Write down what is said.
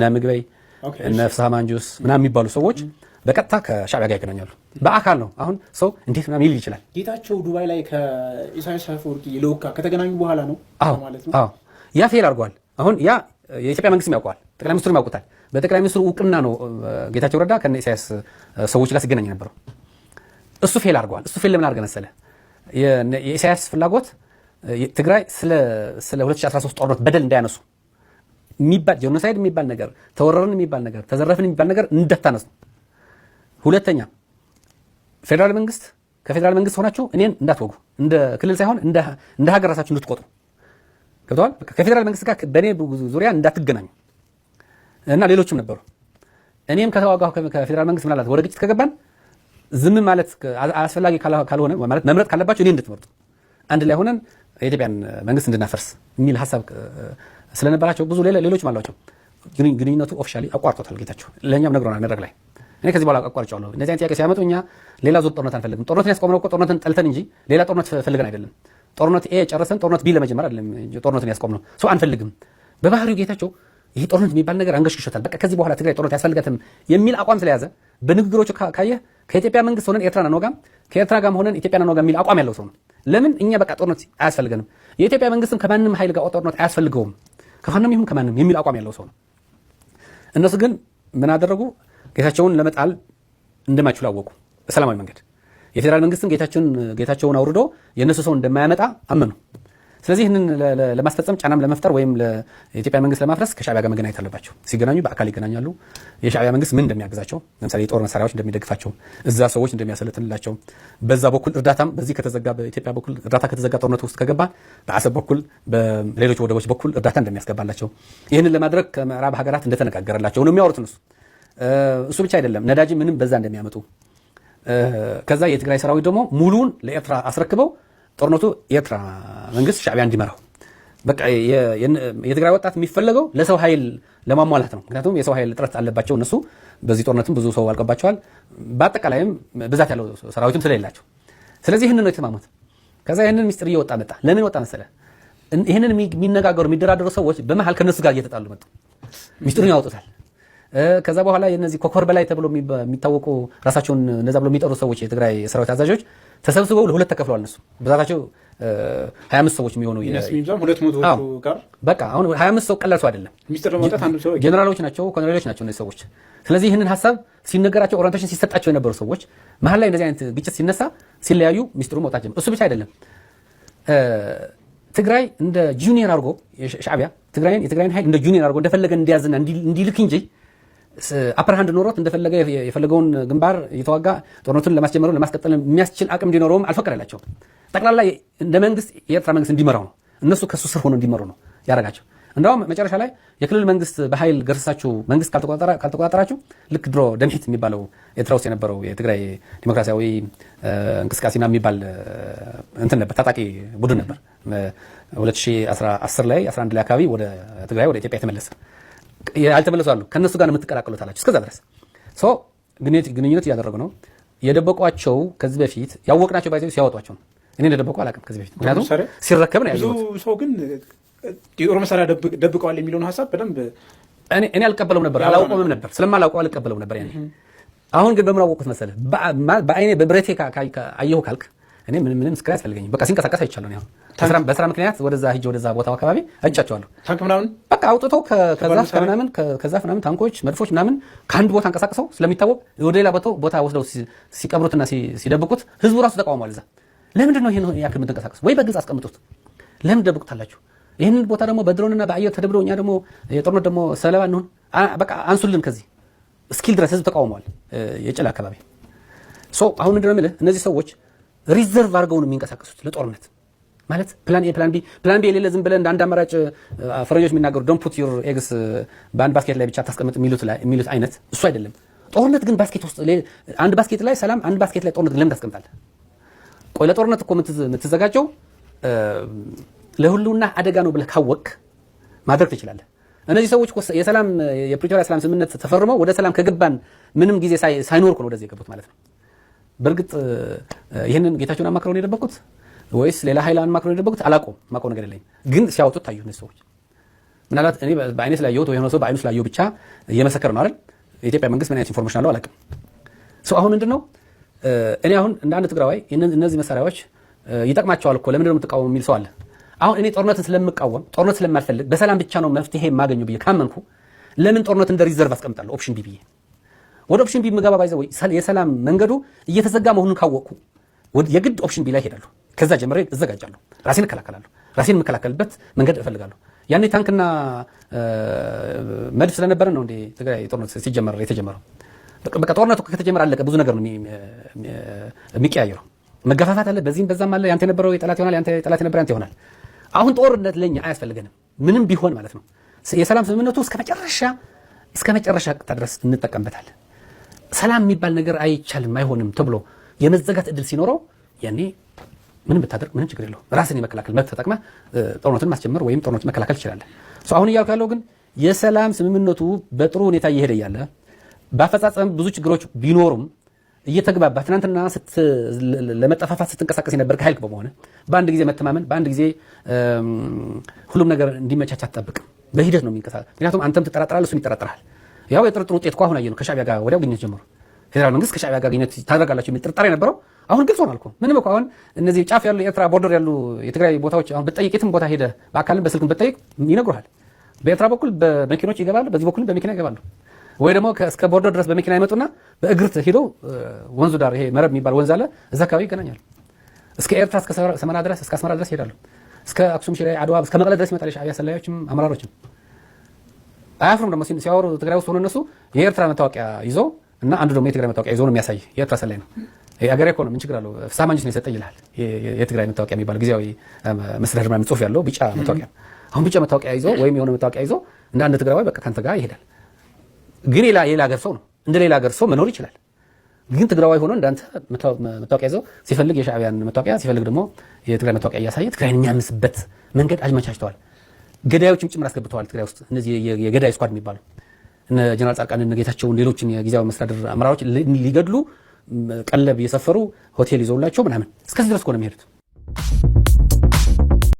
እነ ምግበይ እነ ማንጁስ ምናምን የሚባሉ ሰዎች በቀጥታ ከሻዕቢያ ጋር ይገናኛሉ። በአካል ነው። አሁን ሰው እንዴት ምናምን ይል ይችላል። ጌታቸው ዱባይ ላይ ከኢሳያስ አፈወርቂ ልዑካ ከተገናኙ በኋላ ነው። አዎ ያ ፌል አድርጓል። አሁን ያ የኢትዮጵያ መንግስት ያውቀዋል፣ ጠቅላይ ሚኒስትሩም ያውቁታል። በጠቅላይ ሚኒስትሩ እውቅና ነው ጌታቸው ረዳ ከነ ኢሳያስ ሰዎች ጋር ሲገናኝ ነበረው። እሱ ፌል አድርጓል። እሱ ፌል ለምን አድርገ መሰለ የኢሳያስ ፍላጎት ትግራይ ስለ 2013 ጦርነት በደል እንዳያነሱ የሚባል ጄኖሳይድ የሚባል ነገር፣ ተወረርን የሚባል ነገር፣ ተዘረፍን የሚባል ነገር እንዳታነሱ። ሁለተኛ ፌዴራል መንግስት ከፌዴራል መንግስት ሆናችሁ እኔን እንዳትወጉ፣ እንደ ክልል ሳይሆን እንደ ሀገር ራሳችሁ እንድትቆጡ ገብተዋል። ከፌዴራል መንግስት ጋር በእኔ ዙሪያ እንዳትገናኙ እና ሌሎችም ነበሩ። እኔም ከተዋጋሁ ከፌዴራል መንግስት ምናላት ወደ ግጭት ከገባን ዝም ማለት አስፈላጊ ካልሆነ ማለት መምረጥ ካለባችሁ እኔ እንድትመርጡ አንድ ላይ ሆነን የኢትዮጵያን መንግስት እንድናፈርስ የሚል ሀሳብ ስለነበራቸው ብዙ ሌሎችም አሏቸው። ግንኙነቱ ኦፊሻሊ አቋርጦታል። ጌታቸው ለእኛም ነግሮናል መድረክ ላይ እኔ ከዚህ በኋላ አቋርጫለሁ። እነዚህ አይነት ጥያቄ ሲያመጡ እኛ ሌላ ዙር ጦርነት አንፈልግም። ጦርነትን ያስቆምነው እኮ ጦርነትን ጠልተን እንጂ ሌላ ጦርነት ፈልገን አይደለም። ጦርነት ኤ ጨርሰን ጦርነት ቢ ለመጀመር አይደለም ጦርነትን ያስቆምነው ሰው አንፈልግም። በባህሪው ጌታቸው ይሄ ጦርነት የሚባል ነገር አንገሽግሾታል። በቃ ከዚህ በኋላ ትግራይ ጦርነት ያስፈልጋትም የሚል አቋም ስለያዘ በንግግሮቹ ካየህ ከኢትዮጵያ መንግስት ሆነን ኤርትራን አንወጋም፣ ከኤርትራ ጋር ሆነን ኢትዮጵያን አንወጋም የሚል አቋም ያለው ሰው ነው። ለምን እኛ በቃ ጦርነት አያስፈልገንም። የኢትዮጵያ መንግስትም ከማንም ኃይል ጋር ጦርነት አያስፈልገውም። ከፋኖም ይሁን ከማንም የሚል አቋም ያለው ሰው ነው። እነሱ ግን ምን አደረጉ? ጌታቸውን ለመጣል እንደማይችሉ አወቁ። በሰላማዊ መንገድ የፌዴራል መንግስትን ጌታቸውን አውርዶ የእነሱ ሰው እንደማያመጣ አመኑ። ስለዚህ ይህንን ለማስፈጸም ጫናም ለመፍጠር ወይም ለኢትዮጵያ መንግስት ለማፍረስ ከሻዕቢያ ጋር መገናኘት አለባቸው። ሲገናኙ በአካል ይገናኛሉ። የሻዕቢያ መንግስት ምን እንደሚያግዛቸው ለምሳሌ የጦር መሳሪያዎች እንደሚደግፋቸው፣ እዛ ሰዎች እንደሚያሰለጥንላቸው፣ በዛ በኩል እርዳታም በዚህ ከተዘጋ በኢትዮጵያ በኩል እርዳታ ከተዘጋ ጦርነት ውስጥ ከገባ በአሰብ በኩል በሌሎች ወደቦች በኩል እርዳታ እንደሚያስገባላቸው፣ ይህንን ለማድረግ ከምዕራብ ሀገራት እንደተነጋገረላቸው ነው የሚያወሩት እነሱ። እሱ ብቻ አይደለም ነዳጅ ምንም በዛ እንደሚያመጡ ከዛ የትግራይ ሰራዊት ደግሞ ሙሉውን ለኤርትራ አስረክበው ጦርነቱ የኤርትራ መንግስት ሻዕቢያ እንዲመራው በቃ የትግራይ ወጣት የሚፈለገው ለሰው ኃይል ለማሟላት ነው። ምክንያቱም የሰው ኃይል እጥረት አለባቸው እነሱ። በዚህ ጦርነትም ብዙ ሰው አልቀባቸዋል። በአጠቃላይም ብዛት ያለው ሰራዊትም ስለሌላቸው፣ ስለዚህ ይህንን ነው የተማሙት። ከዛ ይህንን ሚስጥር እየወጣ መጣ። ለምን ወጣ መሰለ ይህንን የሚነጋገሩ የሚደራደሩ ሰዎች በመሀል ከነሱ ጋር እየተጣሉ መጡ። ሚስጥሩን ያወጡታል። ከዛ በኋላ የነዚህ ኮኮር በላይ ተብሎ የሚታወቁ ራሳቸውን እነዛ ብሎ የሚጠሩ ሰዎች የትግራይ ሰራዊት አዛዦች ተሰብስበው ለሁለት ተከፍለዋል። እነሱ ብዛታቸው 25 ሰዎች የሚሆኑ በቃ አሁን 25 ሰው ቀላል ሰው አይደለም። ጀነራሎች ናቸው፣ ኮሎኔሎች ናቸው እነዚህ ሰዎች። ስለዚህ ይህንን ሀሳብ ሲነገራቸው ኦሪንቴሽን ሲሰጣቸው የነበሩ ሰዎች መሀል ላይ እንደዚህ አይነት ግጭት ሲነሳ ሲለያዩ ሚስጥሩ መውጣት ጀመር። እሱ ብቻ አይደለም ትግራይ እንደ ጁኒየር አድርጎ ሻዕቢያ ትግራይን የትግራይን ሀይል እንደ ጁኒየር አድርጎ እንደፈለገ እንዲያዝና እንዲልክ እንጂ አፐር ሃንድ ኖሮት እንደፈለገ የፈለገውን ግንባር እየተዋጋ ጦርነቱን ለማስጀመሩ ለማስቀጠል የሚያስችል አቅም እንዲኖረውም አልፈቀደላቸው። ጠቅላላ እንደ መንግስት የኤርትራ መንግስት እንዲመራው ነው፣ እነሱ ከእሱ ስር ሆኖ እንዲመሩ ነው ያደረጋቸው። እንደውም መጨረሻ ላይ የክልል መንግስት በኃይል ገርሰሳችሁ መንግስት ካልተቆጣጠራችሁ ልክ ድሮ ደምሂት የሚባለው ኤርትራ ውስጥ የነበረው የትግራይ ዲሞክራሲያዊ እንቅስቃሴና የሚባል እንትን ነበር፣ ታጣቂ ቡድን ነበር። 2010 ላይ 11 ላይ አካባቢ ወደ ትግራይ ወደ ኢትዮጵያ የተመለሰ ያልተመለሱ አሉ። ከእነሱ ጋር የምትቀላቀሉት አላችሁ። እስከዛ ድረስ ግንኙነት እያደረጉ ነው። የደበቋቸው ከዚህ በፊት ያወቅናቸው ባይዘ ሲያወጧቸው ነው። እኔ እንደደበቁ አላውቅም ከዚህ በፊት ምክንያቱም ሲረከብ ነው ብዙ ሰው ግን የጦር መሳሪያ ደብቀዋል የሚለውን ሀሳብ በደንብ እኔ አልቀበለውም ነበር፣ አላውቀውም ነበር። ስለማላውቀው አልቀበለውም ነበር ያኔ። አሁን ግን በምን አወቅኩት በአይኔ በብረቴ አየሁ ካልክ እኔ ምንም ምንም አያስፈልገኝም። በቃ ሲንቀሳቀስ አይቻለሁ። በስራ ምክንያት ወደዛ ሂጅ ወደዛ ቦታው አካባቢ አይቻቸዋለሁ ታንክ ምናምን አውጥተው ከዛፍ ከምናምን ከዛፍ ምናምን ታንኮች፣ መድፎች ምናምን ከአንድ ቦታ አንቀሳቅሰው ስለሚታወቅ ወደ ሌላ ቦታ ወስደው ሲቀብሩትና ሲደብቁት ህዝቡ ራሱ ተቃውሟል። እዛ ለምንድን ነው ይህን ያክል የምትንቀሳቀሱ? ወይ በግልጽ አስቀምጡት። ለምን ደብቁታላችሁ? ይህንን ቦታ ደግሞ በድሮንና በአየር ተደብደው እኛ ደግሞ የጦርነት ደግሞ ሰለባ እንሆን? በቃ አንሱልን ከዚህ እስኪል ድረስ ህዝብ ተቃውሟል። የጭላ አካባቢ አሁን ምንድነው የምልህ እነዚህ ሰዎች ሪዘርቭ አድርገው ነው የሚንቀሳቀሱት ለጦርነት ማለት ፕላን ኤ ፕላን ቢ ፕላን ቢ የሌለ ዝም ብለን እንደ አንድ አማራጭ ፈረንጆች የሚናገሩ ዶን ፑት ዩር ኤግስ በአንድ ባስኬት ላይ ብቻ ታስቀምጥ የሚሉት አይነት እሱ አይደለም። ጦርነት ግን ባስኬት ውስጥ አንድ ባስኬት ላይ ሰላም፣ አንድ ባስኬት ላይ ጦርነት ግን ለምን ታስቀምጣል? ቆይ ለጦርነት እኮ የምትዘጋጀው ለሁሉና አደጋ ነው ብለህ ካወቅ ማድረግ ትችላለህ። እነዚህ ሰዎች የሰላም የፕሪቶሪያ ሰላም ስምምነት ተፈርመው ወደ ሰላም ከገባን ምንም ጊዜ ሳይኖርኩ ነው ወደዚህ የገቡት ማለት ነው። በእርግጥ ይህንን ጌታቸውን አማክረው ነው የደበቁት። ወይስ ሌላ ሀይል አንማክሮ የደበቁት አላውቀውም። ማቆ ነገር የለኝ። ግን ሲያወጡት ታዩ እነዚህ ሰዎች። ምናልባት እኔ በአይነት ስላየሁት ወይ የሆነ ሰው በአይኑ ስላየው ብቻ እየመሰከር ነው አይደል? የኢትዮጵያ መንግስት ምን አይነት ኢንፎርሜሽን አለው አላውቅም። ሰው አሁን ምንድን ነው እኔ አሁን እንደ አንድ ትግራዋይ እነዚህ መሳሪያዎች ይጠቅማቸዋል እኮ ለምንድን ነው የምትቃወሙ የሚል ሰው አለ። አሁን እኔ ጦርነትን ስለምቃወም ጦርነት ስለማልፈልግ በሰላም ብቻ ነው መፍትሄ የማገኘው ብዬ ካመንኩ ለምን ጦርነት እንደ ሪዘርቭ አስቀምጣለሁ ኦፕሽን ቢ ብዬ ወደ ኦፕሽን ቢ ምገባ ባይዘ ወይ የሰላም መንገዱ እየተዘጋ መሆኑን ካወቅኩ የግድ ኦፕሽን ቢ ላይ ሄዳለሁ። ከዛ ጀምሬ እዘጋጃለሁ። ራሴን እከላከላለሁ። ራሴን የምከላከልበት መንገድ እፈልጋለሁ። ያኔ ታንክና መድፍ ስለነበረ ነው እንዴ ትግራይ ጦርነት ሲጀመር የተጀመረው። በቃ ጦርነቱ ከተጀመረ አለቀ። ብዙ ነገር ነው የሚቀያየረው። መገፋፋት አለ፣ በዚህም በዛም አለ። ያንተ የነበረው የጠላት ይሆናል፣ ያንተ የጠላት የነበረ ያንተ ይሆናል። አሁን ጦርነት ለኛ አያስፈልገንም፣ ምንም ቢሆን ማለት ነው። የሰላም ስምምነቱ እስከ መጨረሻ እስከ መጨረሻ ቅጣ ድረስ እንጠቀምበታለን። ሰላም የሚባል ነገር አይቻልም፣ አይሆንም ተብሎ የመዘጋት እድል ሲኖረው ያኔ ምንም ብታደርግ ምንም ችግር የለውም። ራስን የመከላከል መብት ተጠቅመ ጦርነትን ማስጀመር ወይም ጦርነትን መከላከል ትችላለህ። አሁን እያልኩ ያለው ግን የሰላም ስምምነቱ በጥሩ ሁኔታ እየሄደ እያለ በአፈጻጸም ብዙ ችግሮች ቢኖሩም እየተግባባ ትናንትና ለመጠፋፋት ስትንቀሳቀስ የነበር ከሀይል በመሆነ በአንድ ጊዜ መተማመን በአንድ ጊዜ ሁሉም ነገር እንዲመቻች አትጠብቅም። በሂደት ነው የሚንቀሳቀስ። ምክንያቱም አንተም ትጠራጠራለህ፣ እሱም ይጠራጥራል። ያው የጥርጥር ውጤት እኮ አሁን አየነው ከሻዕቢያ ጋር ወዲያው ግንኙነት ጀምሮ ፌዴራል መንግስት ከሻዕቢያ ጋር ግንኙነት ታደርጋላችሁ የሚል ጥርጣሬ የነበረው አሁን ግልጽ ሆኗል ምንም እኮ አሁን እነዚህ ጫፍ ያሉ የኤርትራ ቦርደር ያሉ የትግራይ ቦታዎች አሁን ብትጠይቅ የትም ቦታ ሄደ በአካልም በስልክም ብትጠይቅ ይነግሩሃል። በኤርትራ በኩል በመኪኖች ይገባሉ፣ በዚህ በኩል በመኪና ይገባሉ። ወይ ደግሞ እስከ ቦርደር ድረስ በመኪና ይመጡና በእግርት ሄደው ወንዙ ዳር ይሄ መረብ የሚባል ወንዝ አለ፣ እዛ አካባቢ ይገናኛሉ። እስከ ኤርትራ እስከ ሰመራ ድረስ እስከ አስመራ ድረስ ይሄዳሉ። እስከ አክሱም፣ ሽሬ፣ አድዋ እስከ መቀለ ድረስ ይመጣል። የሻዕቢያ ሰላዮችም አመራሮችም አያፍሩም። ደግሞ ሲያወሩ ትግራይ ውስጥ ሆኖ እነሱ የኤርትራ መታወቂያ ይዘው እና አንዱ ደግሞ የትግራይ መታወቂያ ይዞ ነው የሚያሳይ የኤርትራ ሰላይ ነው። አገሬ እኮ ነው ምን ችግር አለው ፍስሐ ነው የሰጠኝ ይልሃል። የትግራይ መታወቂያ የሚባል ጊዜያዊ መስተዳድር ምናምን ጽሁፍ ያለው ቢጫ መታወቂያ አሁን ቢጫ መታወቂያ ይዞ ወይም የሆነ መታወቂያ ይዞ እንደ አንድ ትግራዋይ በቃ ከአንተ ጋር ይሄዳል። ግን የሌላ ሀገር ሰው ነው እንደ ሌላ ሀገር ሰው መኖር ይችላል። ግን ትግራዋይ ሆኖ እንዳንተ መታወቂያ ይዘው ሲፈልግ የሻዕቢያን መታወቂያ ሲፈልግ ደግሞ የትግራይ መታወቂያ እያሳየ ትግራይን የሚያምስበት መንገድ አመቻችተዋል። ገዳዮችም ጭምር አስገብተዋል ትግራይ ውስጥ እነዚህ የገዳይ ስኳድ የሚባሉ እነ ጀነራል ጻድቃን እነ ጌታቸውን ሌሎችን የጊዜያዊ መስተዳድር አመራሮች ሊገድሉ ቀለብ እየሰፈሩ ሆቴል ይዘውላቸው ምናምን እስከዚህ ድረስ እኮ ነው የሚሄዱት።